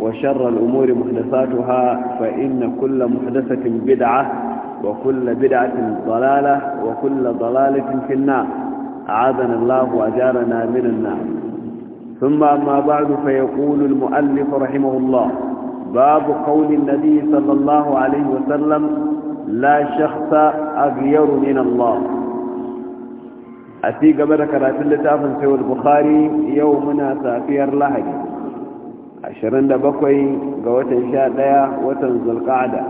وشر الأمور محدثاتها فإن كل محدثة بدعة وكل بدعة ضلالة وكل ضلالة في النار أعاذنا الله وأجارنا من النار ثم أما بعد فيقول المؤلف رحمه الله باب قول النبي صلى الله عليه وسلم لا شخص أغير من الله أتيك بركة كراتل تافن سوى البخاري يومنا سافير لهجي 27 ga watan 11 watan zulqa'da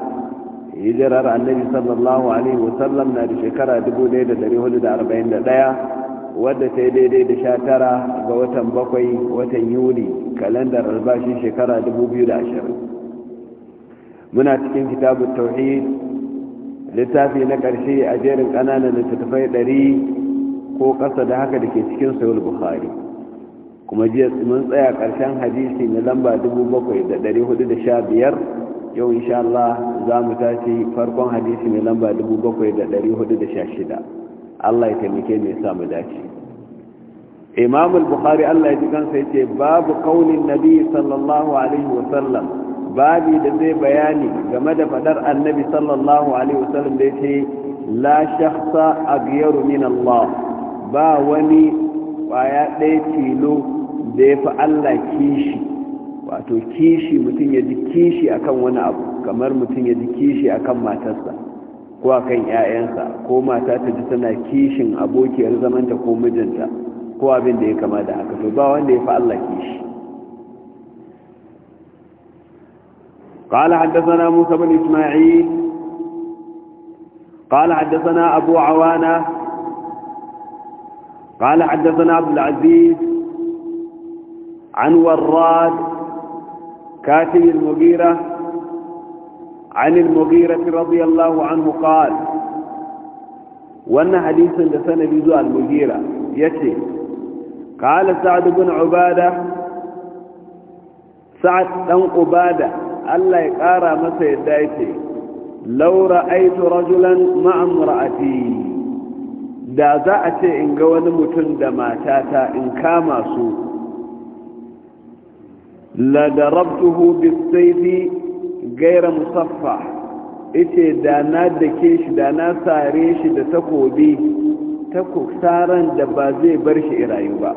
hijirar annabi sallallahu alaihi wasallam na da shekara 1441 wadda ta yi daidai da 19 ga watan 7 watan yuli kalandar albashi shekara 2020 muna cikin kitabun tauhid littafi na ƙarshe a jerin ƙananan littattafai 100 ko ƙasa da haka da ke cikin sayul bukhari kuma jiya mun tsaya karshen hadisi na lamba 7415 yau insha Allah za mu tashi farkon hadisi na lamba 7416 Allah ya taimake mai sa mu dace imam al-bukhari Allah ya ji kansa ce babu qaulin nabi sallallahu alaihi wa sallam babi da zai bayani game da fadar annabi sallallahu alaihi wa sallam da yace la shakhsa aghyaru min Allah ba wani kwaya ɗaya tilo da ya fi allah kishi wato kishi mutum ya ji kishi akan wani abu kamar mutum ya ji kishi akan matarsa ko akan 'ya'yansa ko mata ta ji tana kishin abokiyar zamanta ko mijinta ko abin da ya kama da haka to ba wanda ya fi allah kishi قال حدثنا موسى بن إسماعيل قال حدثنا أبو عوانة قال حدثنا عبد العزيز عن وراد كاتب المغيرة عن المغيرة رضي الله عنه قال وأن حديثا لسنة بيزوء المغيرة يتي قال سعد بن عبادة سعد بن عبادة ألا يقارى مسا يدايتي لو رأيت رجلا مع امرأتي da za a ce in ga wani mutum da matata in kama su ladarabtuhu bisaifi gaira musaffa ita da na dake shi da na sare shi da takobi tako saran da ba zai bar shi irayu ba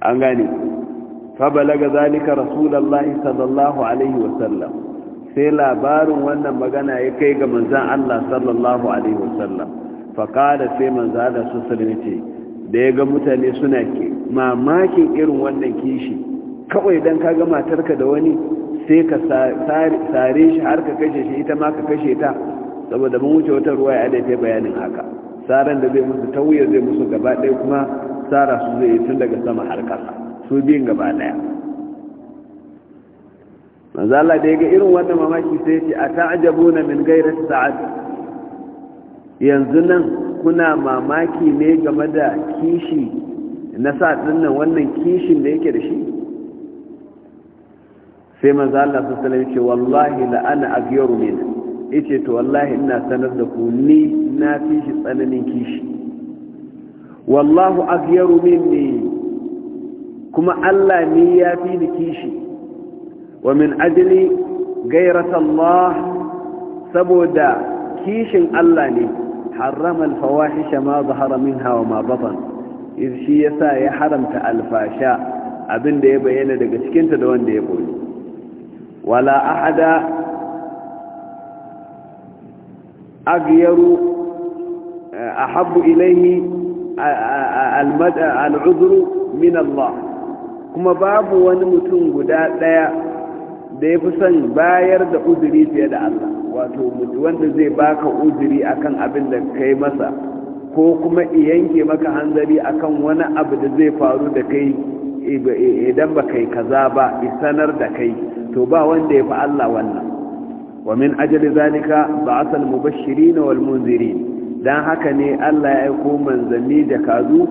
an gane fabalaga zalika rasulullahi sallallahu alaihi wasallam sai labarin wannan magana ya kai ga manzan Allah sallallahu alaihi wasallam faƙada sai manzan Allah su sulmi ce da ya ga mutane suna mamakin irin wannan kishi kawai don ka ga matarka da wani sai ka sare shi har ka kashe shi ita ma ka kashe ta saboda mun wuce wata ruwa ya daifai bayanin haka tsaran da zai musu tauye zai musu gaba ɗaya kuma tsara su zai tun daga sama har ƙasa su biyun gaba ɗaya manzala da ya ga irin wannan mamaki sai ce a ta'ajabuna min gairar sa'ad yanzu nan kuna mamaki ne game da kishi na sa dinnan wannan kishin da yake da shi sai manzo Allah sallallahu alaihi wasallam ce wallahi la ana aghyaru min yace to wallahi ina sanar da ku ni na fi shi tsananin kishi wallahu aghyaru minni kuma Allah ne ya fi ni kishi wa min ajli ghayrata Allah saboda kishin Allah ne harrama alfawahisha ma zahara minha hawa ma batan iz shi yasa ya haramta alfasha abinda ya bayyana daga cikinta da wanda ya boye wala ahada aghyaru ahabbu ilayhi al'udru min Allah kuma babu wani mutum guda daya da ya fi son bayar da uzuri fiye da Allah wato wanda zai baka uzuri akan abin da kai masa ko kuma yanke maka hanzari akan wani abu da zai faru da kai idan ba kai kaza ba sanar da kai to ba wanda ya fi Allah wannan wa min ajali zalika ba al-mubashirin wal munzirin dan haka ne Allah ya aiko manzanni da kazu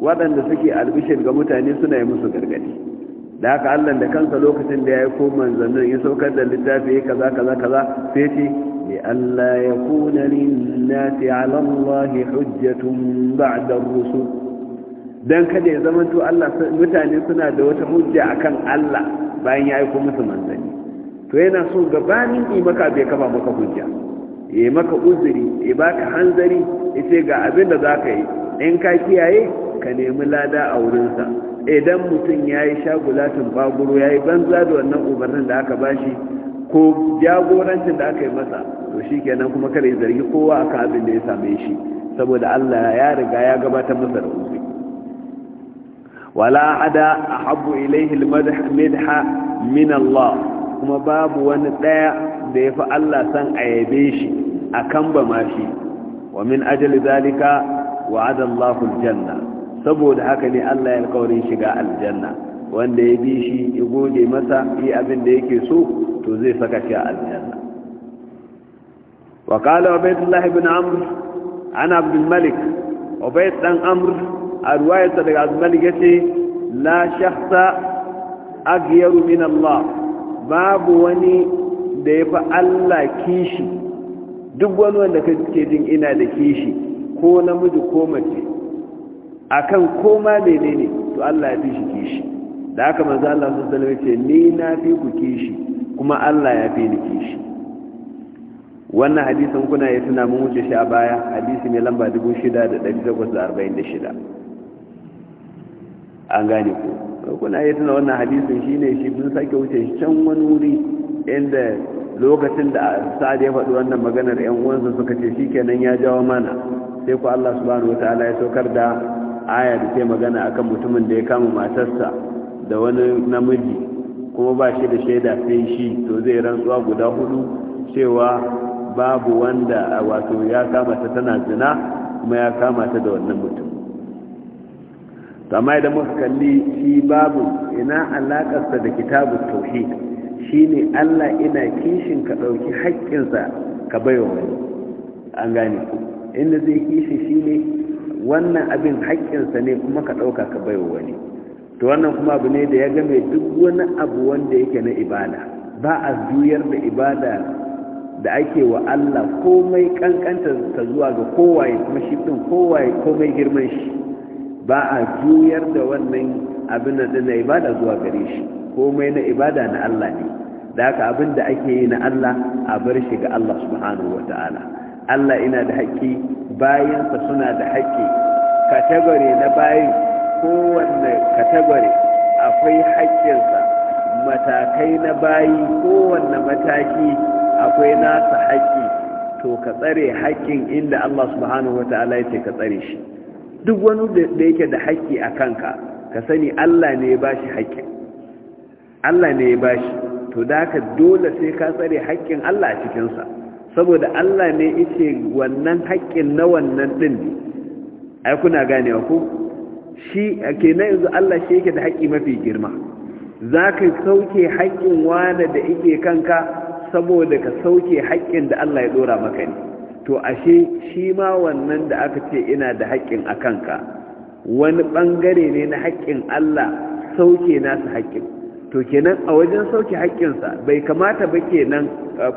waɗanda suke albishir ga mutane suna yi musu gargadi da haka Allah da kansa lokacin da ya yi koman zannin ya saukar da littafi ya kaza kaza kaza sai ce Allah ya kuna linnati ala Allah hujjatun ba'da rusul dan kada ya zama to Allah mutane suna da wata hujja akan Allah bayan ya aiko musu manzanni to yana so gabanin yi maka bai kafa maka hujja ya maka uzuri ya baka hanzari ya ga abin da za yi in ka kiyaye ka nemi lada a wurinsa idan mutum ya yi shagulatin baguro ya yi banza da wannan umarnin da aka bashi ko jagorancin da aka yi masa to shi kenan kuma kare zargi kowa akan abin da ya same shi saboda allah ya riga ya gabatar masa da uzuri wala ada a habu ilaihi almadha min allah kuma babu wani daya da ya fi allah san a yabe shi a kan ba ma shi wa min ajali zalika wa'ada allahu aljanna saboda haka ne Allah ya alkawarin shiga aljanna wanda ya bi shi ya goge masa yi abin da yake so to zai saka shi a aljanna wa qala ubaydullah bin amr an abdul malik bait dan amr a ruwayarsa daga abdul malik yace la shakhsa aghyaru min Allah babu wani da ya fi Allah kishi duk wani wanda kake jin ina da kishi ko namiji ko mace akan koma menene to Allah ya fi shi kishi da haka manzo Allah sun salama ce ni na fi ku kishi kuma Allah ya fi ni kishi wannan hadisin kuna yi tuna mun wuce shi a baya hadisi mai lamba 6846 an gane ku kuna yi tuna wannan hadisin shine shi mun sake wuce shi can wani wuri inda lokacin da sa'ad ya faɗi wannan maganar 'yan uwansa suka ce shi kenan ya jawo mana sai ku Allah subhanahu wataala ya saukar da aya da ke magana a kan mutumin da ya kama matarsa da wani namiji kuma ba shi da shaida sai shi to zai rantsuwa guda hudu cewa babu wanda a wato ya kama ta tana zina kuma ya kama ta da wannan mutum amma da muka kalli shi babu ina alakarsa da kitabun shi shine Allah ina kishin ka ɗauki haƙƙinsa ka bayo wani an gane inda zai kishi shine wannan abin haƙƙinsa ne kuma ka ɗauka ka bai wa wani to wannan kuma abu ne da ya game duk wani abu wanda yake na ibada ba a juyar da ibada da ake wa Allah komai kankanta ta zuwa ga kowaye kuma shi ɗin kowaye komai girman shi ba a juyar da wannan abin da na ibada zuwa gare shi komai na ibada na Allah ne da haka abin da ake yi na Allah a bar shi ga Allah subhanahu wa ta'ala Allah ina da haƙƙi bayansa suna da haƙƙi kategori na bayin kowanne kategori akwai haƙƙinsa matakai na bayi kowanne mataki akwai nasa haƙƙi to ka tsare haƙƙin inda Allah subhanahu wata'ala ya ka tsare shi duk wani da yake da haƙƙi a kanka ka sani Allah ne ya bashi haƙƙi Allah ne ya bashi to da ka dole sai ka tsare haƙƙin Allah a cikinsa saboda Allah ne yake wannan haƙƙin na wannan din ai kuna ganewa ko shi kenan yanzu Allah shi yake da haƙƙi mafi girma zaka sauke haƙƙin wanda da yake kanka saboda ka sauke haƙƙin da Allah ya dora maka ne to ashe shi ma wannan da aka ce ina da haƙƙin a kanka wani ɓangare ne na haƙƙin Allah sauke nasu haƙƙin to kenan a wajen sauke haƙƙinsa bai kamata ba kenan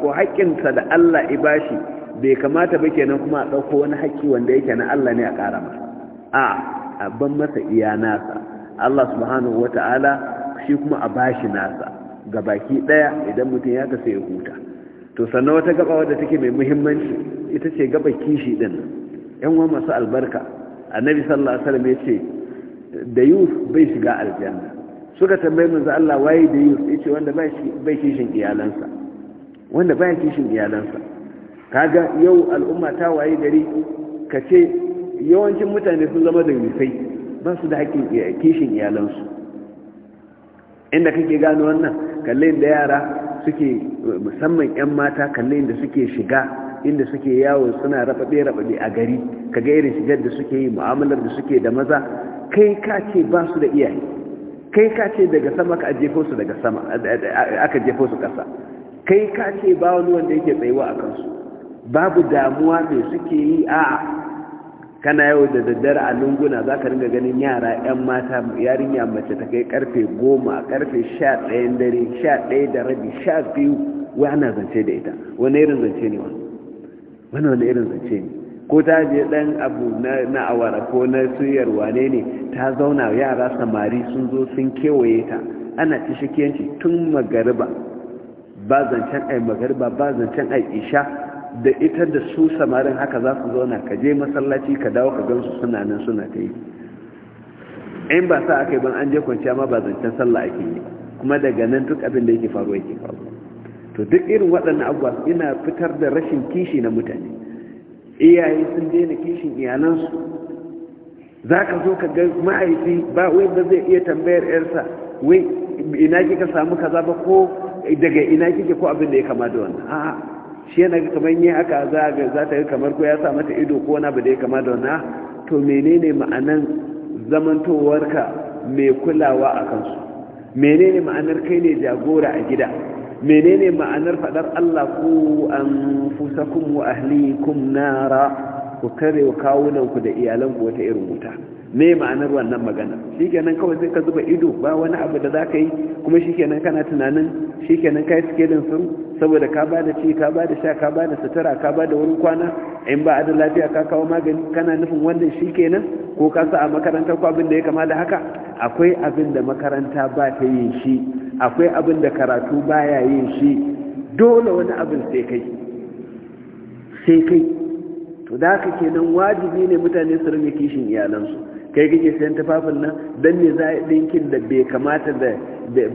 ko haƙƙinsa da Allah bashi bai kamata ba kenan kuma a ɗauko wani haƙƙi wanda yake na Allah ne a ƙara masa a a ban masa iya nasa Allah subhanahu wata'ala shi kuma a bashi nasa ga baki ɗaya idan mutum ya kasa ya huta to sannan wata gaba wadda take mai muhimmanci ita ce gaba kishi ɗin yan uwa masu albarka annabi sallallahu alaihi wasallam ya da yusuf bai shiga aljanna suka tambayi manzo Allah waye da Yusuf yace wanda bai bai kishin iyalansa wanda bai kishin iyalansa kaga yau al'umma ta waye gari kace yawancin mutane sun zama da rufai ba su da hakkin kishin iyalansu inda kake gano wannan kalle da yara suke musamman 'yan mata kalle da suke shiga inda suke yawo suna rabaɗe bai a gari kaga irin shigar da suke yi mu'amalar da suke da maza kai ka ce ba su da iyaye kai ka ce daga sama ka jefo su daga sama aka jefo su ƙasa kai ka ce ba wani wanda yake tsayuwa a kansu babu damuwa mai suke yi a kana yau da daddare a lunguna za ka ringa ganin yara 'yan mata yarinya mace ta kai karfe goma karfe sha ɗayan dare sha ɗaya da rabi sha biyu wai ana zance da ita wani irin zance ne wani wani irin zance ne ko ta je dan abu na awara ko na suyar wane ne ta zauna yara samari sun zo sun kewaye ta ana ci shikiyanci tun magariba ba zancen ai magariba ba zancen ai isha da ita da su samarin haka za su zauna ka je masallaci ka dawo ka gansu suna nan suna ta yi in ba sa aka yi ban an je kwanciya ma ba zancen sallah ake yi kuma daga nan duk abin da yake faruwa yake faruwa to duk irin waɗannan abubuwa ina fitar da rashin kishi na mutane iyaye sun daina kishin iyalansu za ka zo ka ga ma'aifi ba Wai ba zai iya tambayar yarsa wai ina kika samu kaza ba ko daga ina kike ko abin da ya kama da wannan a'a shi yana ga kamar yin aka za ga za ta ga kamar ko ya sa mata ido ko wani ba da ya kama da wannan to menene ma'anan zamantowarka mai kulawa a kansu menene ma'anar kai ne jagora a gida menene ma'anar fadar Allah ku anfusakum wa ahlikum nara ku kare kawunan ku da iyalan ku wata irin wuta me ma'anar wannan magana shikenan kawai sai ka zuba ido ba wani abu da za ka yi kuma shikenan kana tunanin shikenan kai skelin sun saboda ka bada ci ka bada sha ka bada sutura ka bada wurin kwana in ba da lafiya ka kawo magani kana nufin wannan shikenan ko ka sa a makarantar ku abin da ya kama da haka akwai abin da makaranta ba ta yin shi akwai abin da karatu baya yin shi dole wani abin sai kai sai kai to da ke kenan wajibi ne mutane su rinke kishin iyalansu kai kake sayan tafafin nan dan ne za a dinkin da bai kamata da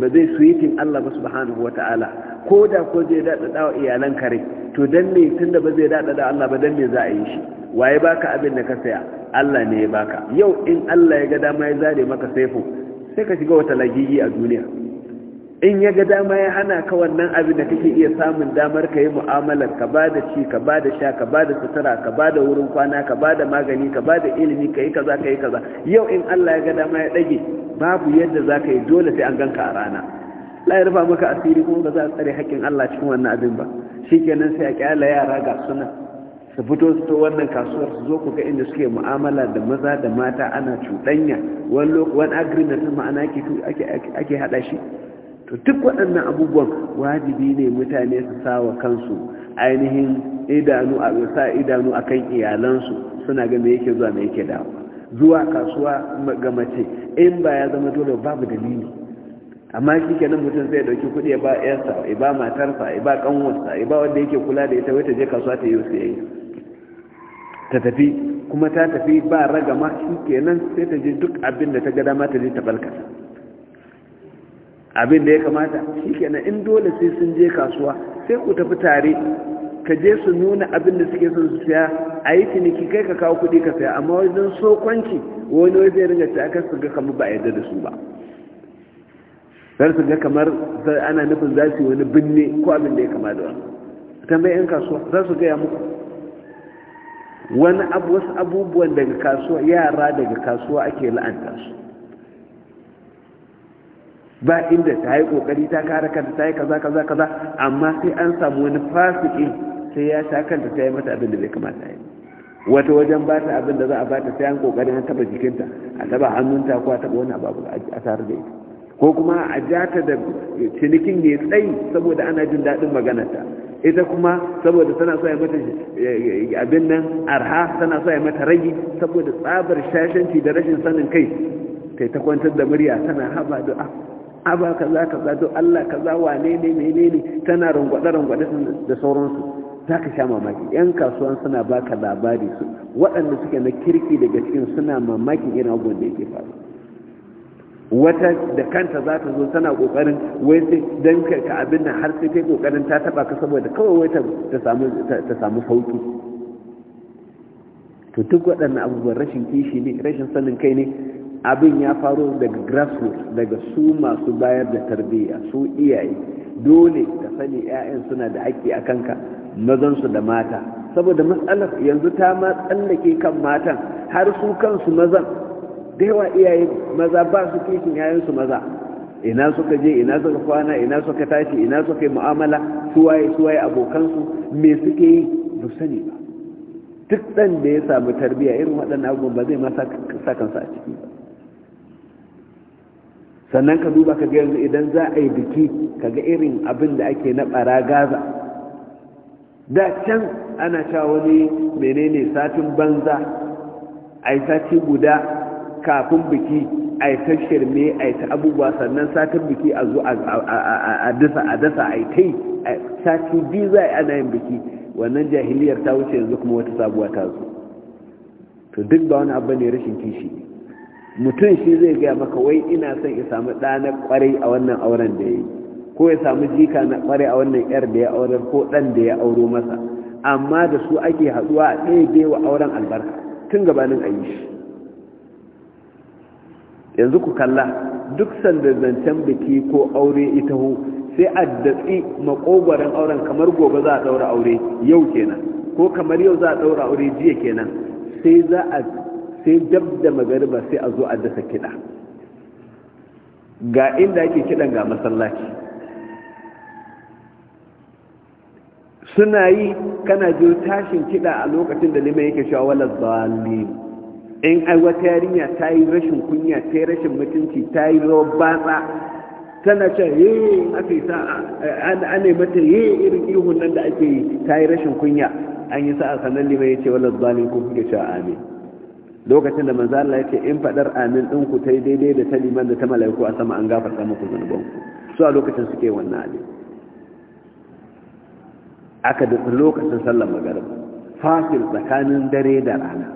ba zai suyitin Allah ba subhanahu ta'ala ko da ko zai daɗaɗa wa iyalan kare to dan ne tunda ba zai da Allah ba dan ne za a yi shi waye baka abin da ka saya Allah ne ya baka yau in Allah ya ga dama ya zare maka saifo sai ka shiga wata lagigi a duniya in ya ga dama ya hana ka wannan abin da kake iya samun damar ka yi mu'amalar ka ba da ci ka ba da sha ka ba da sutura ka ba da wurin kwana ka ba da magani ka ba da ilimi ka yi kaza ka yi kaza yau in Allah ya ga dama ya dage babu yadda za ka yi dole sai an ganka a rana la ya rufa maka asiri kuma ba za a tsare haƙƙin Allah cikin wannan abin ba kenan sai a kyala yara ga suna su fito su to wannan kasuwar su zo ku ga inda suke mu'amala da maza da mata ana cuɗanya wani agreement ma'ana ake haɗa hada shi to duk waɗannan abubuwan wajibi ne mutane su sa wa kansu ainihin idanu a sa idanu a kan iyalansu suna ga me yake zuwa me yake dawo zuwa kasuwa ga mace in ba ya zama dole babu dalili amma shi kenan mutum zai dauki kuɗi ya ba yarsa ya ba matarsa ya ba kanwarsa ya ba wanda yake kula da ita wai ta je kasuwa ta yi wasu yayi ta tafi kuma ta tafi ba ragama shi kenan sai ta je duk abin da ta ga dama ta je ta balkata abin da ya kamata shi kenan in dole sai sun je kasuwa sai ku tafi tare ka je su nuna abin da suke son su siya a yi ciniki kai ka kawo kuɗi ka siya amma wajen sokwanci wani wai zai ringa ta su ga kamar ba a yarda da su ba zan su ga kamar ana nufin za su yi wani binne ko abin da ya kama da wani tambayi yan kasuwa za su gaya muku wani wasu abubuwan daga kasuwa yara daga kasuwa ake la'anta su ba inda ta yi kokari ta kare kanta ta yi kaza kaza kaza amma sai an samu wani fasikin sai ya sha kanta ta yi mata abin da bai kamata yi wata wajen ba ta abin da za a ba sai an kokari an taba jikinta a taba hannunta ko a taba wani abu a tare da ita ko kuma a ja da cinikin ne tsayi saboda ana jin daɗin maganarta ita kuma saboda tana so ya mata eh, abin nan arha tana so ya mata ragi saboda tsabar shashanci da rashin sanin kai kai ta kwantar da murya tana haba du'a aba kaza kaza don Allah kaza wane ne ne tana rungwada rungwada da sauransu za ka sha mamaki yan kasuwan suna baka labari su waɗanda suke na kirki daga cikin suna mamakin irin abubuwan da yake faru wata da kanta za ta zo tana kokarin wai sai dan ka abin nan har sai kai kokarin ta taba ka saboda kawai wai ta samu ta samu sauki to duk waɗannan abubuwan rashin kishi ne rashin sanin kai ne abin ya faro daga grassroots daga su masu bayar da tarbiyya su iyaye dole ka sani 'ya'yan suna da haƙƙi a kanka mazansu da mata saboda matsalar yanzu ta ma tsallake kan matan har su kansu mazan da yawa iyaye maza ba su kishin 'ya'yansu maza ina suka je ina suka kwana ina suka tashi ina suka yi mu'amala suwaye suwaye abokansu me suke yi ba sani ba duk ɗan da ya samu tarbiyya irin waɗannan abubuwan ba zai ma sa kansa a ciki ba sannan ka duba ka yanzu idan za a yi biki ka ga irin abin da ake na bara gaza da can ana sha wani menene satin banza a yi sati guda kafin biki a yi ta shirme a yi ta abubuwa sannan satin biki a zo a dasa a dasa a yi ta yi sati biyu za a yi ana yin biki wannan jahiliyar ta wuce yanzu kuma wata sabuwa ta zo to duk ba wani abu ne rashin kishi ne mutum shi zai gaya maka wai ina son ya samu ɗa na ƙwarai a wannan auren da ya yi ko ya samu jika na ƙwarai a wannan yar da ya aurar ko ɗan da ya auro masa amma da su ake haɗuwa a ɗaya wa auren albarka tun gabanin a yi shi yanzu ku kalla duk sanda zancen biki ko aure ita hu sai a datsi maƙogwarin auren kamar gobe za a ɗaura aure yau kenan ko kamar yau za a ɗaura aure jiya kenan sai za a sai jab da magariba sai a zo a dasa kiɗa ga inda ake kiɗan ga masallaci suna yi kana jiyo tashin kiɗa a lokacin da liman yake sha wala zalli in ai wata yarinya ta yi rashin kunya ta yi rashin mutunci ta yi rawar batsa tana ce ye eh, aka yi sa'a ana yi mata ye eh, irin ihun nan da ake yi ta yi rashin kunya an yi sa'a sannan liman ya ce wala zalli ko kuke sha'a amin lokacin da manzo Allah yake in fadar amin din ku tai daidai da ta liman da ta malaiku a sama an gafarta muku zanuban ku su a lokacin suke wannan ali aka da lokacin sallar magrib fasil tsakanin dare da rana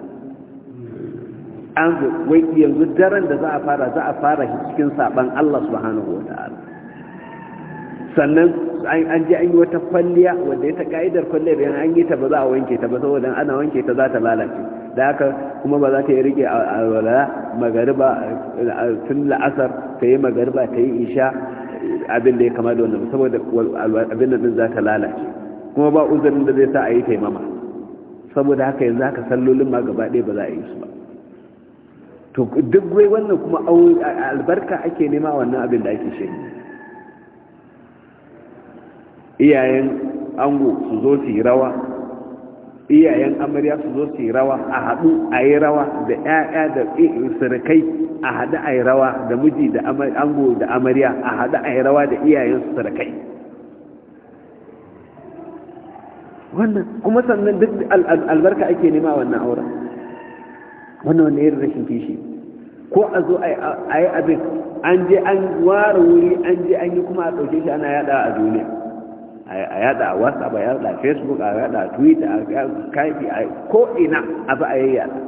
an wai yanzu daren da za a fara za a fara cikin saban Allah subhanahu wataala sannan an je an yi wata kwalliya wanda ya ta ka'idar kwalliya bayan an yi ta ba za a wanke ta ba saboda ana wanke ta za ta lalace da haka kuma ba za ta yi rike alwala magariba tun la'asar ta yi magariba ta yi isha abin da ya kama da wannan saboda abin nan za ta lalace kuma ba uzurin da zai sa a yi taimama saboda haka yanzu haka sallolin ma gaba ɗaya ba za a yi su ba to duk wai wannan kuma albarka ake nema wannan abin da ake shi iyayen ango su zo su yi rawa iyayen amarya su zo su yi rawa a haɗu a yi rawa da 'ya'ya da surukai a haɗu a yi rawa da miji da ango da amarya a haɗu a yi rawa da iyayen surukai wannan kuma sannan duk albarka ake nema wannan aure. wannan wannan ya rashin fishi ko a zo a yi abin an je an ware wuri an je an yi kuma a ɗauke shi ana yaɗa a duniya a yada a whatsapp a yada a facebook a yada a twitter a skype a ko'ina abu a yayyada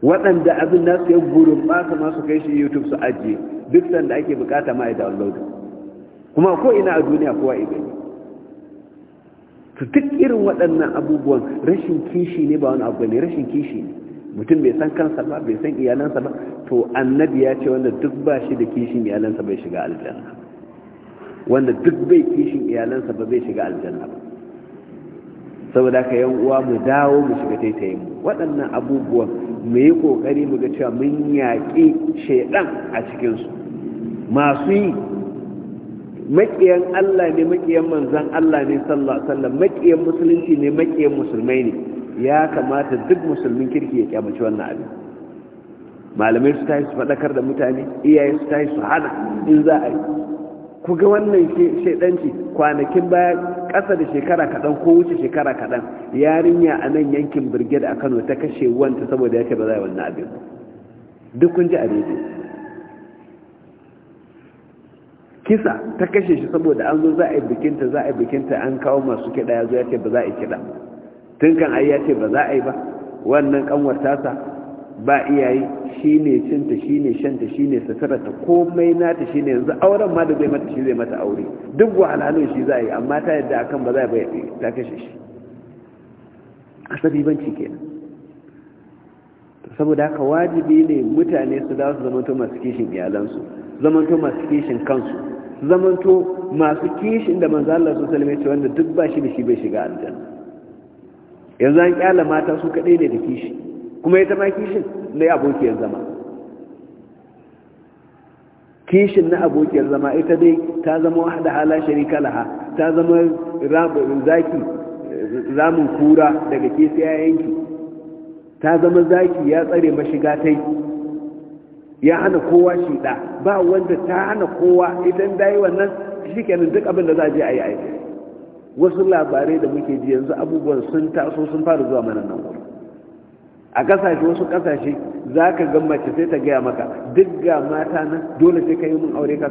waɗanda abin su yi gurin ba su masu kai shi youtube su ajiye duk sanda ake bukata ma a download kuma ko'ina a duniya kowa a gani su duk irin waɗannan abubuwan rashin kishi ne ba wani abu ne rashin kishi ne mutum bai san kansa ba bai san iyalansa ba to annabi ya ce wanda duk ba shi da kishin iyalansa bai shiga aljanna wanda duk bai kishin iyalansa ba zai shiga aljanna ba saboda ka yan uwa mu dawo mu shiga taitayin mu waɗannan abubuwan mu yi ƙoƙari mu ga cewa mun yaƙi shaiɗan a cikinsu masu yi maƙiyan Allah ne maƙiyan manzan Allah ne sallallahu alaihi wasallam maƙiyan musulunci ne maƙiyan musulmai ne ya kamata duk musulmin kirki ya kyamaci wannan abin malamai su tashi su faɗakar da mutane iyaye su tashi su hana in za a yi ku ga wannan shaidanci kwanakin baya ƙasa da shekara kaɗan ko wuce shekara kaɗan yarinya a nan yankin birgid a kano ta kashe wanta saboda ya ce ba za a wannan abin duk kun ji a kisa ta kashe shi saboda an zo za a yi bikinta za a yi bikinta an kawo masu kiɗa ya zo ya ce ba za a yi kiɗa tun kan ai ya ce ba za a yi ba wannan kanwar tasa ba iyayi shi ne cinta shi ne shanta shi ne suturarta komai nata shi ne yanzu auren ma da zai mata shi zai mata aure duk wahalhalun shi za a yi amma ta yadda akan ba za a ta kashe shi asabi banci kenan saboda haka wajibi ne mutane su za su zamanto masu kishin iyalansu zamanto masu kishin kansu zamanto masu kishin da manzo Allah sallallahu alaihi wasallam wanda duk ba shi da shi bai shiga aljanna yanzu an kyala mata su kadai ne da kishi kuma ya ma kishin na abokiyar zama kishin na abokiyar zama ita dai ta zama wahada hala sharika laha ta zama zaki ramin kura daga ke sai yanki ta zama zaki ya tsare mashiga ta yi, ya hana kowa shi da ba wanda ta hana kowa idan da yi wannan shi kenan duk abin da za a je a yi aiki wasu labarai da muke ji yanzu abubuwan sun taso sun fara zuwa mana nan a kasashe wasu kasashe za ka gan mace sai ta gaya maka duk ga mata nan dole sai ka yi mun aure ka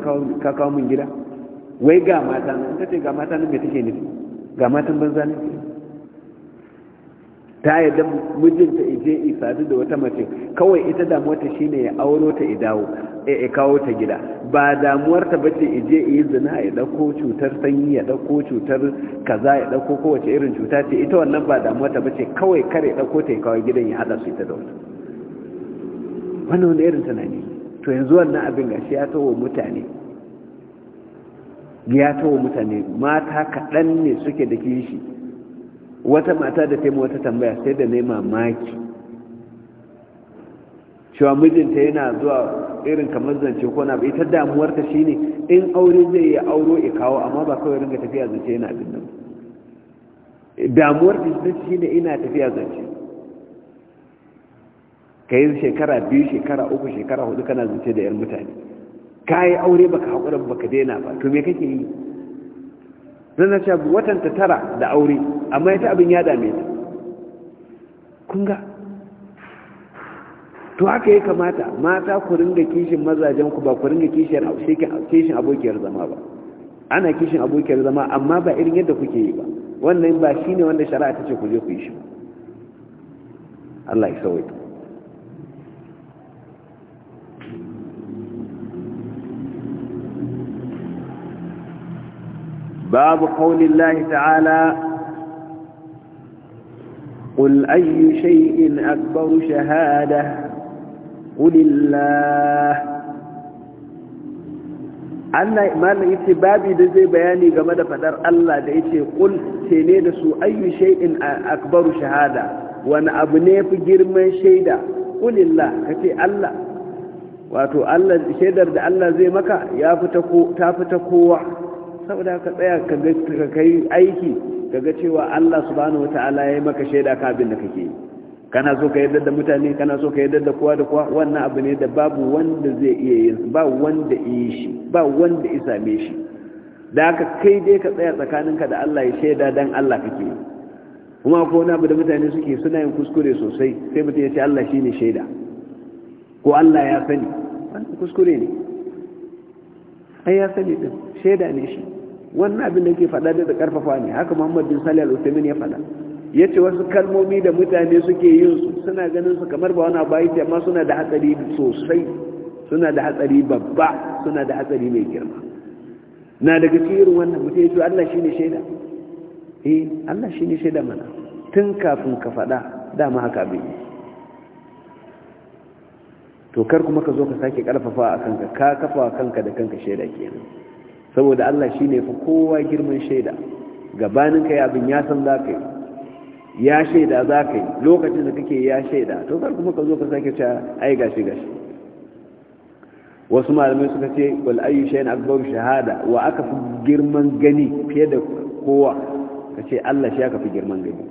kawo mun gida wai ga mata nan ta ce ga mata nan mai take nufi ga matan banza ne ta yadda mijinta ije isadu da wata mace kawai ita damuwarta shine ya auro ta idawo ya kawo ta gida ba damuwarta bace ije yi zina ya dauko cutar sanyi ya dauko cutar kaza ya dauko kowace irin cuta ce ita wannan ba damuwarta bace kawai kare dauko ta ya kawo gidan ya hada su ita da wata wannan wani irin tunani to yanzu wannan abin gashi ya tawo mutane ya tawo mutane mata kaɗan ne suke da kishi wata mata da taimu wata tambaya sai da nema maki cewa mijinta yana zuwa irin kamar zance ko na ita damuwarta shine in aure zai yi auro ya kawo amma ba kawai ringa tafiya zance yana abin nan damuwar ta shine ina tafiya zance ka yi shekara biyu shekara uku shekara hudu kana zance da 'yan mutane ka yi aure baka haƙura baka daina ba to me kake yi zan zace watan ta tara da aure amma ita abin ya dame ta kun to haka ya kamata mata ku ringa kishin mazajen ku ba ku ringa kishin kishin abokiyar zama ba ana kishin abokiyar zama amma ba irin yadda kuke yi ba wannan ba shine wanda shari'a ta ce ku je ku yi shi Allah ya sauke باب قول الله تعالى قل أي شيء أكبر شهادة قل الله أنا ما الإتباب دزي بياني قمد فدر الله دعيتي قل تنينسو أي شيء أكبر شهادة وأنا أبني في جرم شهيدة قل الله كتي الله واتو الله شهدر الله زي مكا فتكو تافتكو saboda ka tsaya ka kai aiki ka ga cewa Allah subhanahu wata'ala ya yi maka shaida ka abin da kake yi kana so ka yarda da mutane kana so ka yarda da kowa da kowa wannan abu ne da babu wanda zai iya yi ba wanda yi shi ba wanda ya same shi da haka kai dai ka tsaya tsakaninka da Allah ya shaida dan Allah kake yi kuma ko wani abu da mutane suke suna yin kuskure sosai sai mutum ya ce Allah shine shaida ko Allah ya sani wannan kuskure ne ai ya sani din shaida ne shi wannan abin da ke faɗa da karfafa ne haka muhammad bin salih al-usaimin ya faɗa ya ce wasu kalmomi da mutane suke yin su suna ganin su kamar ba wani abayi ce amma suna da hatsari sosai suna da hatsari babba suna da hatsari mai girma na daga cikin wannan mutum ya ce Allah shine shaida eh Allah shine shaida mana tun kafin ka faɗa dama haka abin to kar kuma ka zo ka sake karfafa a kanka ka kafa kanka da kanka shaida kenan saboda Allah shi ne fi kowa girman shaida gabanin kai abin ya san za ka yi ya shaida za ka yi lokacin da kake ya shaida to kar kuma ka zo ka sake ta ai gashi gashi wasu malamai suka ce wal ayyu shay'in akbaru shahada wa aka fi girman gani fiye da kowa ka ce Allah shi aka fi girman gani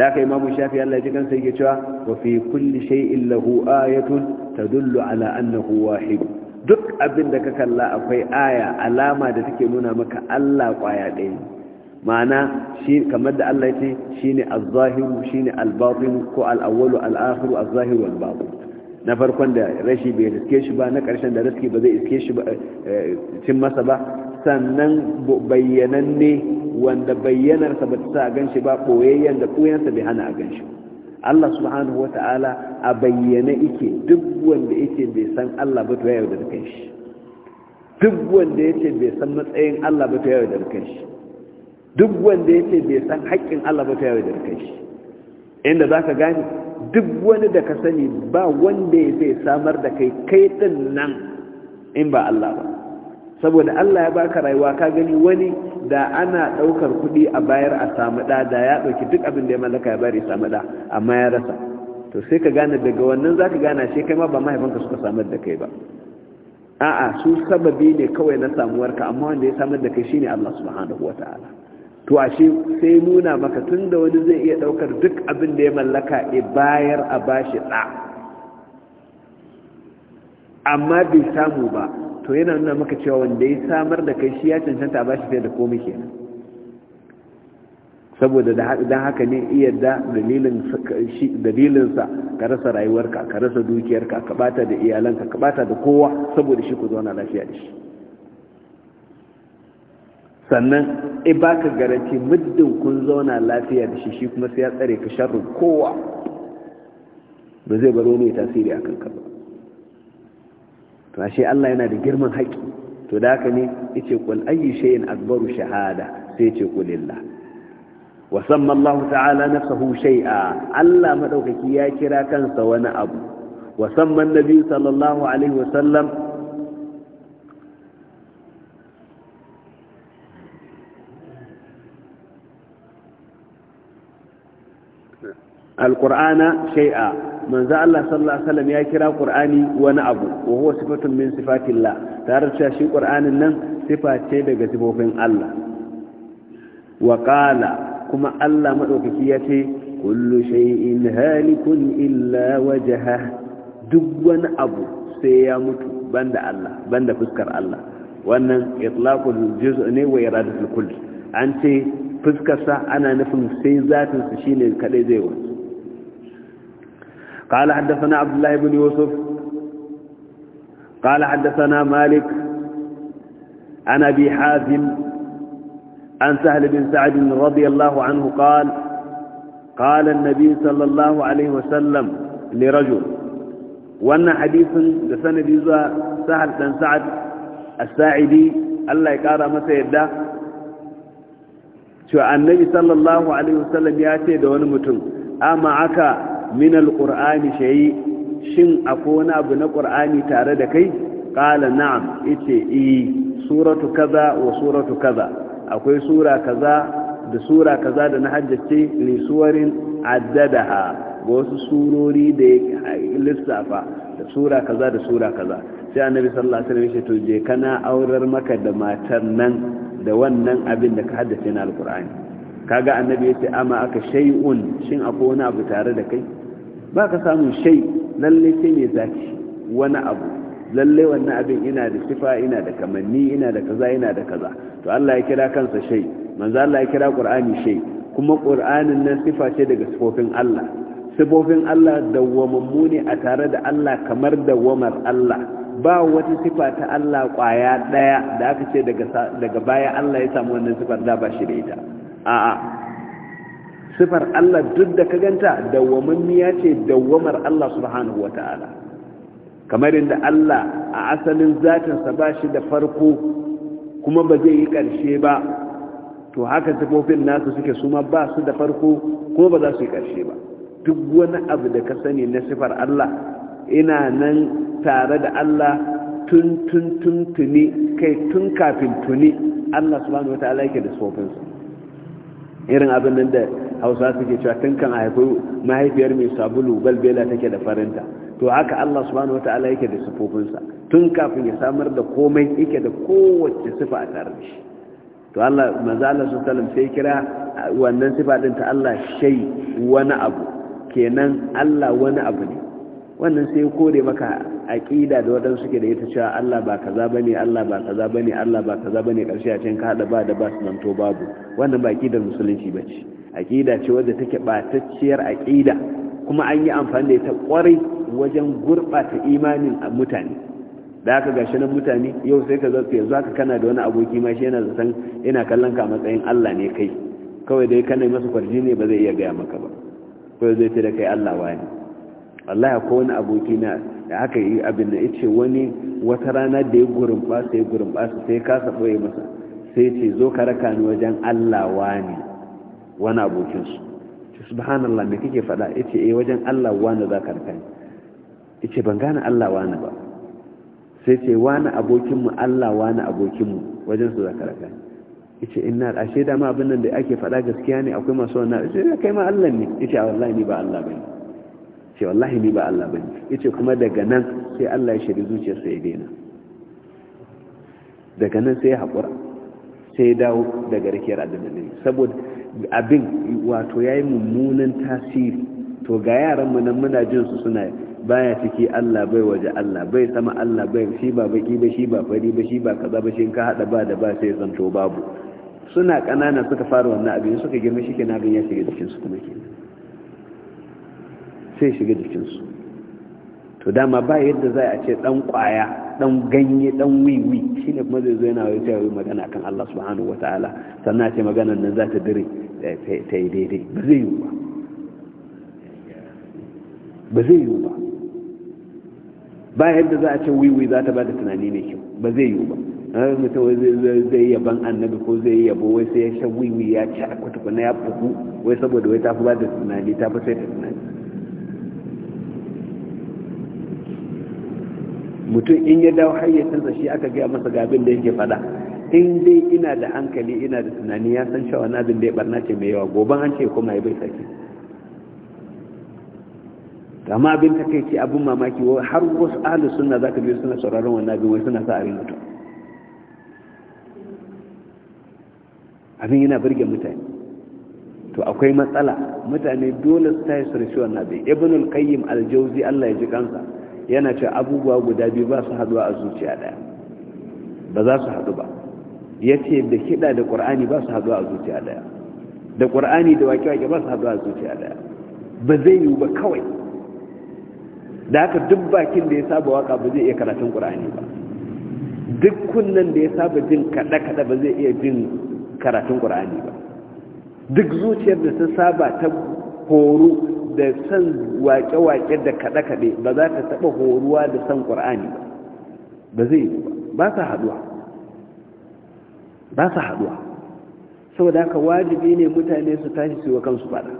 da ka imamu shafi Allah ya kansa yake cewa wa fi kulli shay'in lahu ayatun tadullu ala annahu wahid duk abin da ka kalla akwai aya alama da take nuna maka Allah kwaya ɗaya ma'ana kamar da Allah ce shine az-zahiru shine al-batin ko al-awwalu al-akhiru az-zahiru wal-batin na farkon da rashi bai riske shi ba na ƙarshen da raski ba zai iske shi ba eh, eh, cin masa ba sannan ne wanda bayyanarsa ba ta sa a ganshi ba koyayyen da koyansa bai hana a ganshi Allah subhanahu ta'ala a bayyane ike duk wanda yake bai san Allah ba to ya yaudar kan shi duk wanda yake bai san matsayin Allah ba to ya yaudar kan shi duk wanda yake bai san haƙƙin Allah ba to ya yaudar kan shi inda zaka gane duk wani da ka sani ba wanda ya zai samar da kai kai din nan in ba Allah ba saboda Allah ya baka rayuwa ka gani wani da ana ɗaukar kuɗi a bayar a samu ɗa da ya ɗauki duk abin da ya mallaka ya bayar ya samu ɗa amma ya rasa to sai ka gane daga wannan za ka gane shi kai ma ba mahaifanka suka samar da kai ba a'a su sababi ne kawai na samuwarka amma wanda ya samar da kai shine Allah subhanahu wataala to ashe sai nuna maka tun da wani zai iya ɗaukar duk abin da ya mallaka ya bayar a bashi da amma bai samu ba to yana nuna maka cewa wanda ya samar da kai shi ya cancanta ba shi fiye da komai kenan saboda don haka ne iya da dalilinsa ka rasa rayuwarka ka rasa dukiyarka ka bata da iyalanka ka bata da kowa saboda shi ku zauna lafiya da shi sannan e baka garanti muddin kun zauna lafiya da shi shi kuma sai ya tsare ka sharrin kowa ba zai baro ne tasiri a kanka ba to ashe Allah yana da girman haƙi to da haka ne yace qul ayyu shay'in akbaru shahada sai yace qul lillah wa samma Allah ta'ala nafsuhu shay'a Allah madaukaki ya kira kansa wani abu wa samma annabi sallallahu alaihi wasallam القرآن شيئا manzo Allah sallallahu alaihi wasallam ya kira Qur'ani wani abu wa huwa sifatun min sifatillah tare da shi Qur'anin nan sifa ce daga sifofin Allah wa qala kuma Allah madaukaki ya ce kullu shay'in halikun illa wajha duk wani abu sai ya mutu banda Allah banda fuskar Allah wannan itlaqul juz' ne wa iradatul kull an ce fuskar sa ana nufin sai zatin su shine kadai zai wuce قال حدثنا عبد الله بن يوسف قال حدثنا مالك عن أبي حازم عن سهل بن سعد رضي الله عنه قال قال النبي صلى الله عليه وسلم لرجل وأن حديث لسنة بيزوى سهل بن سعد الساعدي الله يقارى متى يده شو النبي صلى الله عليه وسلم يأتي دون متن أما عكا min alqur'ani shay shin akwai wani abu na qur'ani tare da kai Ƙala na'am yace eh suratu kaza wa suratu kaza akwai sura kaza da sura kaza da na haddace li suwarin addadaha ga wasu surori da ya lissafa da sura kaza da sura kaza sai annabi sallallahu alaihi wasallam ya ce to je kana aurar maka da matar nan da wannan abin da ka haddace na alqur'ani kaga annabi ce amma aka shay'un shin akwai wani abu tare da kai ba ka samun shay lalle sai mai zaki wani abu lalle wannan abin ina da sifa ina da kamanni ina da kaza ina da kaza to Allah ya kira kansa shay manzo Allah ya kira Qur'ani shay kuma Qur'anin nan sifa ce daga sifofin Allah sifofin Allah dawwamammu ne a tare da Allah kamar dawwamar Allah ba wata sifa ta Allah kwaya daya da aka ce daga daga baya Allah ya samu wannan sifar da ba shi da ita a'a sifar Allah duk da ka ganta dawwamammiya ce dawwamar Allah subhanahu wata'ala kamar inda Allah a asalin zatinsa ba shi da farko kuma ba zai yi ƙarshe ba to haka sifofin nasu suke suma ba su da farko kuma ba za su yi ƙarshe ba duk wani abu da ka sani na sifar Allah ina nan tare da Allah tun tun tun tuni kai tun kafin tuni Allah subhanahu wa ta'ala yake da sofinsa irin abin nan da hausa suke cewa tun kan a haifi mahaifiyar mai sabulu balbela take da farinta to haka Allah subhanahu ta'ala yake da sifofinsa tun kafin ya samar da komai yake da kowace sifa a tare shi to Allah manzo Allah sallallahu alaihi sai kira wannan sifa din ta Allah shay wani abu kenan Allah wani abu ne wannan sai kore maka aqida da wadan suke da ita cewa Allah ba kaza bane Allah ba kaza bane Allah ba kaza bane karshe a cikin hada ba da ba su to babu wannan ba aqidar musulunci ba ce aqida ce wadda take batacciyar aqida kuma an yi amfani da ita kwarai wajen gurbata imanin mutane da aka gashi nan mutane yau sai ka zaka yanzu aka kana da wani aboki ma shi yana zaton yana kallon ka matsayin Allah ne kai kawai dai kana masa kwarji ne ba zai iya gaya maka ba kawai zai ce da kai Allah wani wallahi ko wani aboki na da aka yi abin da yace wani wata rana da ya gurin sai gurin ba sai kasa boye masa sai ce zo ka raka ni wajen Allah wani wani abokin su subhanallah me kike faɗa yace eh wajen Allah wani za ka raka ni yace ban gane Allah wani ba sai ce wani abokinmu Allah wani abokinmu wajen su za ka raka ni yace inna ashe ma abin nan da ake faɗa gaskiya ne akwai masu wannan sai eh, kai ma Allah ne yace wallahi ni ba Allah bane ce wallahi ni ba Allah bane yace kuma daga nan sai Allah ya shiri zuciyarsa ya daina daga nan sai ya haƙura sai ya dawo daga rikiyar addinin saboda abin wato yayi mummunan tasiri to ga yaran mu nan muna jin su suna baya ciki Allah bai waje Allah bai sama Allah bai shi ba baki ba shi ba fari ba shi ba kaza ba shi ka hada ba da ba sai zanto babu suna ƙanana suka fara wannan abin suka girma shi ke na ya shiga cikin su kuma kenan sai shiga jikinsu to dama ba yadda za a ce dan kwaya dan ganye dan wiwi shine kuma zai zo yana wai magana kan Allah subhanahu wataala sannan ce maganar nan za ta dire eh, ta yi daidai ba zai yi ba ba zai yi ba ba yadda za a ce wiwi za ta ba da tunani ne kyau ba zai yi ba har mutum zai yaban annabi ko zai yabo wai sai ya sha wiwi ya ci a kwatakwana ya fuku wai saboda wai ta fi ba da tunani ta fi sai da tunani mutum in ya dawo hayyacinsa shi aka gaya masa ga da yake faɗa in dai ina da hankali ina da tunani ya san cewa na abin da ya barna ce mai yawa goban an ce kuma ya bai sake amma abin ta kai ce abin mamaki har wasu ahalus suna za ka biyu suna sauraron wannan abin wai suna sa abin mutum abin yana birge mutane to akwai matsala mutane dole su tayi su rashi wannan abin al qayyim al-jawzi Allah ya ji kansa yana ce abubuwa guda biyu ba su haduwa a zuciya daya ba za su hadu ba ya ce da kiɗa da ƙur'ani ba su haduwa a zuciya daya da ƙur'ani da wake-wake ba su haduwa a zuciya daya ba zai yiwu ba kawai da haka duk bakin da ya saba waka ba zai iya karatun ƙur'ani ba duk kunnen da ya saba jin kaɗa-kaɗa ba zai iya jin karatun ƙur'ani ba duk zuciyar da ta saba ta horo da san waƙe-waƙe da kaɗe-kaɗe ba za ta taɓa horuwa da san ƙur'ani ba ba zai yi ba ba sa haɗuwa ba sa haɗuwa saboda haka wajibi ne mutane su tashi su wa kansu faɗa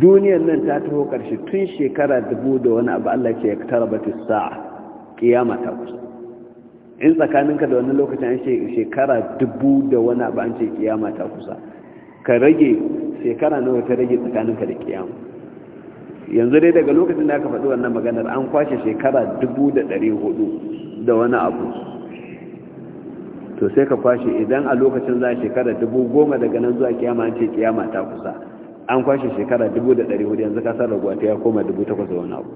duniyar nan ta taho ƙarshe tun shekara dubu da wani abu Allah ke tara ba sa'a ƙiyama ta kusa in tsakaninka da wani lokacin an shekara dubu da wani abu an ce ƙiyama ta kusa ka rage shekara nawa ta rage tsakaninka da ƙiyama yanzu dai daga lokacin da aka faɗi wannan maganar an kwashe shekara dubu da ɗari hudu da wani abu to sai ka kwashe idan a lokacin za a shekara dubu goma daga nan zuwa kiyama an ce kiyama ta kusa an kwashe shekara dubu da ɗari hudu yanzu kasar raguwa ta ya koma dubu takwas da wani abu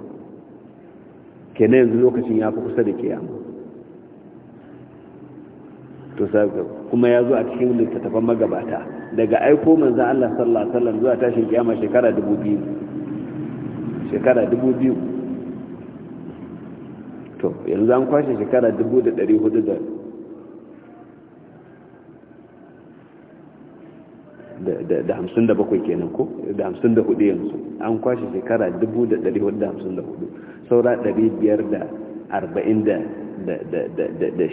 kenan yanzu lokacin ya fi kusa da kiyama to kuma ya zo a cikin littattafan magabata daga aiko manzo Allah sallallahu alaihi wasallam zuwa tashin kiyama shekara dubu biyu shekara dubu biyu to yanzu an kwashe shekara dubu da dari hudu da hamsin da bakwai kenan ko da hamsin da hudu yanzu an kwashe shekara dubu da dari hudu da hamsin da hudu saura dari biyar da arba'in da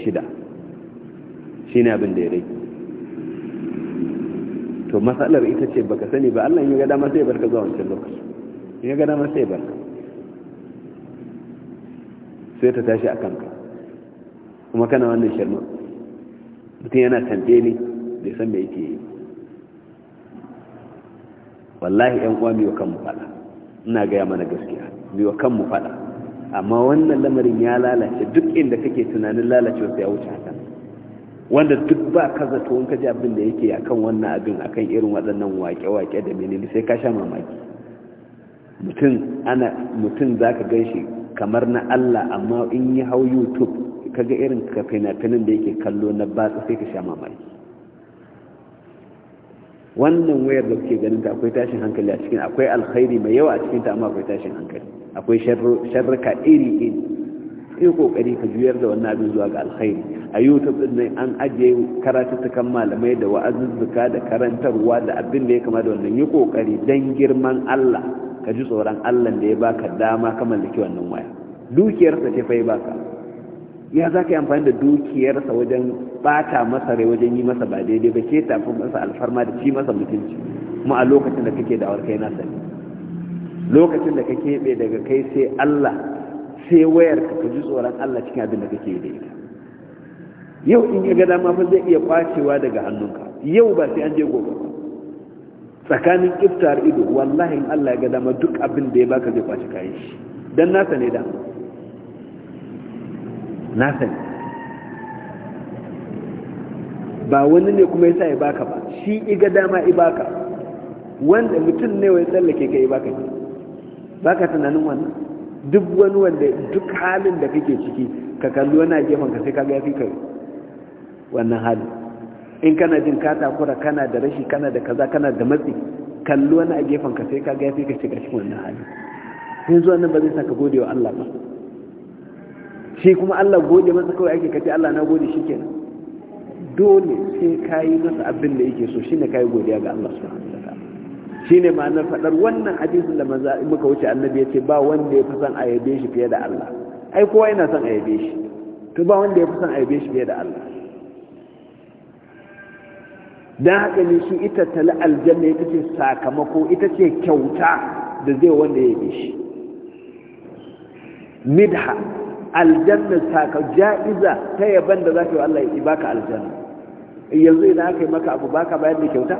shida shi ne abin da ya rai to matsalar ita ce baka sani ba allah yi ga dama sai barka zuwa wancan lokaci ya gana ma sai barka sai ta tashi a kanka kuma kana wannan shirma mutum yana tambaye ne bai san me yake yi wallahi yan uwa miyo kanmu fada ina gaya mana gaskiya miyo kanmu fada amma wannan lamarin ya lalace duk inda kake tunanin lalacewa sai ya wuce haka wanda duk ba ka zato wanka ji abin da yake akan wannan abin akan irin waɗannan wake-wake da menene sai ka sha mamaki mutum ana mutum za ka gan shi kamar na Allah amma in yi hau youtube ka ga irin fina finin da yake kallo na batsa sai ka sha mamaki wannan wayar da kuke ganin ta akwai tashin hankali a cikin akwai alkhairi mai yawa a cikin ta amma akwai tashin hankali akwai sharruka iri iri sai kokari ka juyar da wannan abin zuwa ga alkhairi a youtube din nan an ajiye karatuttukan malamai da wa'azuzzuka da karantarwa da abin da ya kama da wannan yi kokari dan girman Allah ka ji tsoron Allah da ya baka dama ka mallaki wannan waya dukiyarsa ce fa ya baka ya za ka yi amfani da dukiyarsa wajen bata masa rai wajen yi masa ba daidai ba ke tafi masa alfarma da ci masa mutunci kuma a lokacin da kake da kai na sani lokacin da ka keɓe daga kai sai Allah sai wayar ka ka ji tsoron Allah cikin abin da kake da ita yau in ya ga dama fa zai iya kwacewa daga hannunka yau ba sai an je gobe tsakanin iftar ido wallahi in Allah ya ga dama duk abin da ya baka zai kwaci kayi shi dan nasa ne da nasa ne ba wani ne kuma yasa ya baka ba shi iga dama i baka wanda mutum ne wai tsallake kai baka ne baka tunanin wannan duk wani wanda duk halin da kake ciki ka kalli wani a gefen ka sai ka ga yafi kai wannan halin in kana jin ka takura kana da rashi kana da kaza kana da matsi Kallo wani a gefen ka sai ka ga yafi ka shiga cikin wannan hali sai zuwa nan ba zai saka gode wa Allah ba shi kuma Allah gode masa kawai ake kace Allah na gode shikenan dole sai kai masa abin da yake so shine kai godiya ga Allah subhanahu wataala shine ma'anar fadar wannan hadisin da manzo muka wuce annabi yace ba wanda ya fi son a shi fiye da Allah ai kowa yana son a shi to ba wanda ya fi son a shi fiye da Allah don haka ne shi ita tala aljanna ita ce sakamako ita ce kyauta da zai wanda ya yi shi midha aljanna saka ja'iza ta yaban da za ka yi Allah ya baka aljanna yanzu idan aka yi maka abu baka bayar da kyauta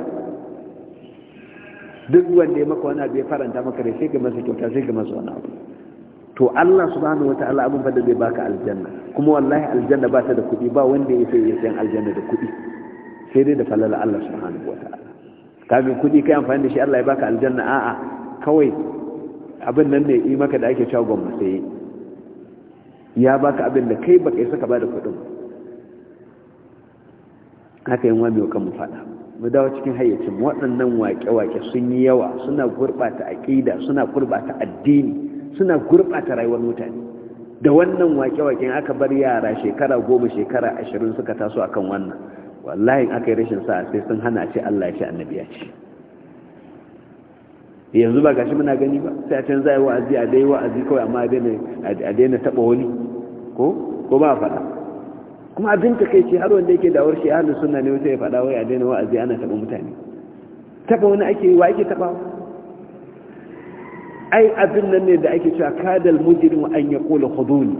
duk wanda ya maka wani bai faranta maka da sai ga masa kyauta sai ga masa wani abu to Allah subhanahu wataala abin fa da zai baka aljanna kuma wallahi aljanna ba ta da kuɗi ba wanda ya sai ya san aljanna da kuɗi sai dai da falala Allah subhanahu ta'ala kafin kuɗi kai amfani da shi Allah ya baka aljanna a'a kawai abin nan ne yi maka da ake cewa gwamma sai ya baka abin da kai baka isa ka bada kuɗin haka yin wani kan mu mu dawo cikin hayyacin waɗannan waƙe-waƙe sun yi yawa suna gurɓata aƙida suna gurɓata addini suna gurɓata rayuwar mutane da wannan waƙe-waƙen aka bar yara shekara goma shekara ashirin suka taso akan wannan wallahi aka yi rashin sa'a sai sun hana ce Allah ya ce annabi ya ce yanzu ba gashi muna gani ba sai a can za a yi wa'azi a dai wa'azi kawai amma a daina taɓa wani ko ko ba faɗa kuma abin ta kai ce har wanda yake dawar shi ahalin suna ne wata ya faɗa wai a daina wa'azi ana taɓa mutane taɓa wani ake wa ake taɓa ai abin nan ne da ake cewa kadal mujrim an yaqulu khuduni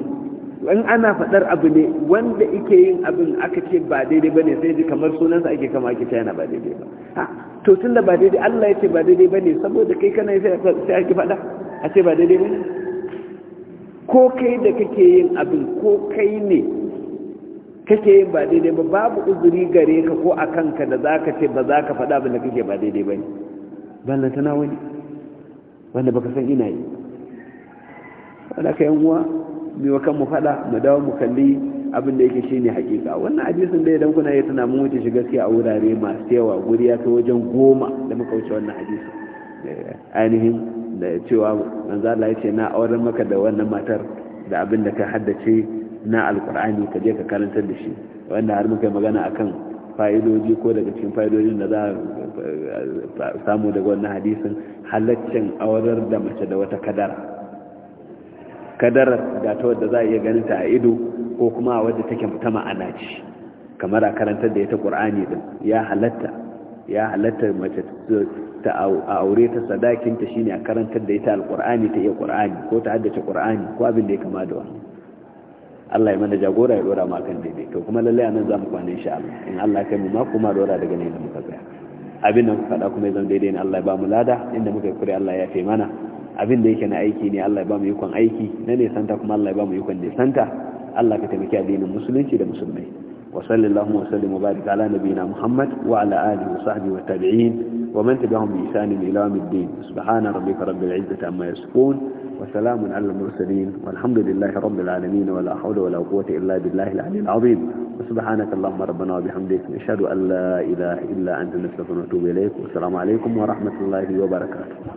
in ana faɗar abu ne wanda ike yin abin aka ce ba daidai ba ne sai ji kamar sunansa ake kama ake cewa yana ba daidai ba to tun da ba daidai Allah ya ce ba daidai ba ne saboda kai kana sai ake faɗa a ce ba daidai ba ne ko kai da kake yin abin ko kai ne kake yin ba daidai ba babu uzuri gare ka ko a kanka da za ka ce ba za ka faɗa abin da kake ba daidai ba ne ballan tana wani wanda baka san ina yi wanda ka uwa mai wa kanmu faɗa mu dawo mu kalli abin da yake shi ne hakika wannan hadisin da idan kuna yi tana mun wuce shi gaskiya a wurare masu yawa guri ya kai wajen goma da muka wuce wannan hadisi ainihin da cewa manzo Allah ya ce na auren maka da wannan matar da abin da ka haddace na alkur'ani ka je ka karantar da shi wanda har muka magana akan fa'idoji ko daga cikin fa'idojin da za a samu daga wannan hadisin halaccin aurar da mace da wata kadara kadarar da ta wadda za a iya ganin ta a ido ko kuma a wadda take ta ma'ana ce kamar a karantar da ita ƙur'ani din ya halatta ya halatta mace ta aure ta sadakinta shine a karantar da ita alƙur'ani ta iya ƙur'ani ko ta haddace ƙur'ani ko abin da ya kama da wani Allah ya mana jagora ya dora ma kan daidai to kuma lallai anan zamu kwana insha Allah in Allah ya mu ma kuma dora daga ne da muka tsaya abin da muka faɗa kuma ya zama daidai ne Allah ya ba mu lada inda muka yi kure Allah ya fi mana abin da yake na aiki ne Allah ya ba mu yukon aiki na ne nisanta kuma Allah ya ba mu yukon nisanta Allah ka taimaki addinin musulunci da musulmai wa sallallahu wa sallim wa barik ala nabiyina Muhammad wa ala alihi wa sahbihi wa tabi'in wa man tabi'ahum bi ihsan ila yawmiddin subhana rabbika rabbil izzati amma yasifun wa salamun ala al mursalin walhamdulillahi rabbil alamin wa la hawla wa la quwwata illa billahi al aliyyil azim سبحانك اللهم ربنا وبحمدك نشهد أن لا إله إلا أنت نستغفرك ونتوب إليك والسلام عليكم ورحمة الله وبركاته